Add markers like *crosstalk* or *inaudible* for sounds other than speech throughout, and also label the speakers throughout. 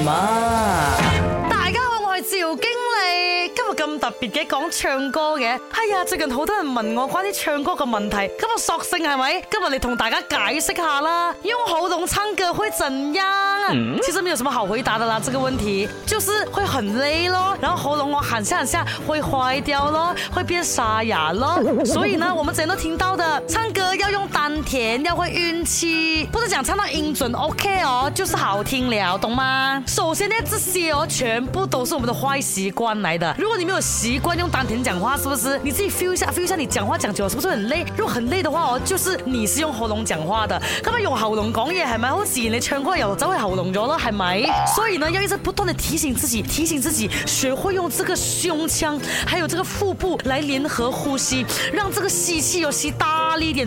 Speaker 1: 媽，大家好，我係趙經理，今日咁特別嘅講唱歌嘅，哎呀最近好多人問我關於唱歌嘅問題，今日我索性係咪今日嚟同大家解釋下啦，用喉嚨唱歌會怎樣？嗯、其實沒有什麼好回答的啦，這個問題，就是會很累咯，然後喉嚨我喊下喊下會壞掉咯，會變沙啞咯， *laughs* 所以呢，我們之前都聽到的，唱歌要用彈。甜要會運氣，不是講唱到音準 OK 哦，就是好聽了，懂嗎？首先呢，這些哦，全部都是我們的壞習慣來的。如果你沒有習慣用丹田講話，是不是？你自己 feel 一 feel 一下，feel 一下，你講話講久了是不是很累？如果很累的話哦，就是你是用喉嚨講話的。咁啊，用喉嚨講嘢係咪好自然？你唱歌又走去喉嚨咗啦，係咪？所以呢，要一直不斷地提醒自己，提醒自己，學會用這個胸腔，還有這個腹部來聯合呼吸，讓這個吸氣哦，吸大力一點。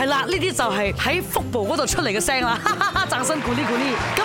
Speaker 1: 係啦，呢啲就係喺腹部嗰度出嚟嘅聲啦，哈哈哈，掌聲鼓勵鼓勵。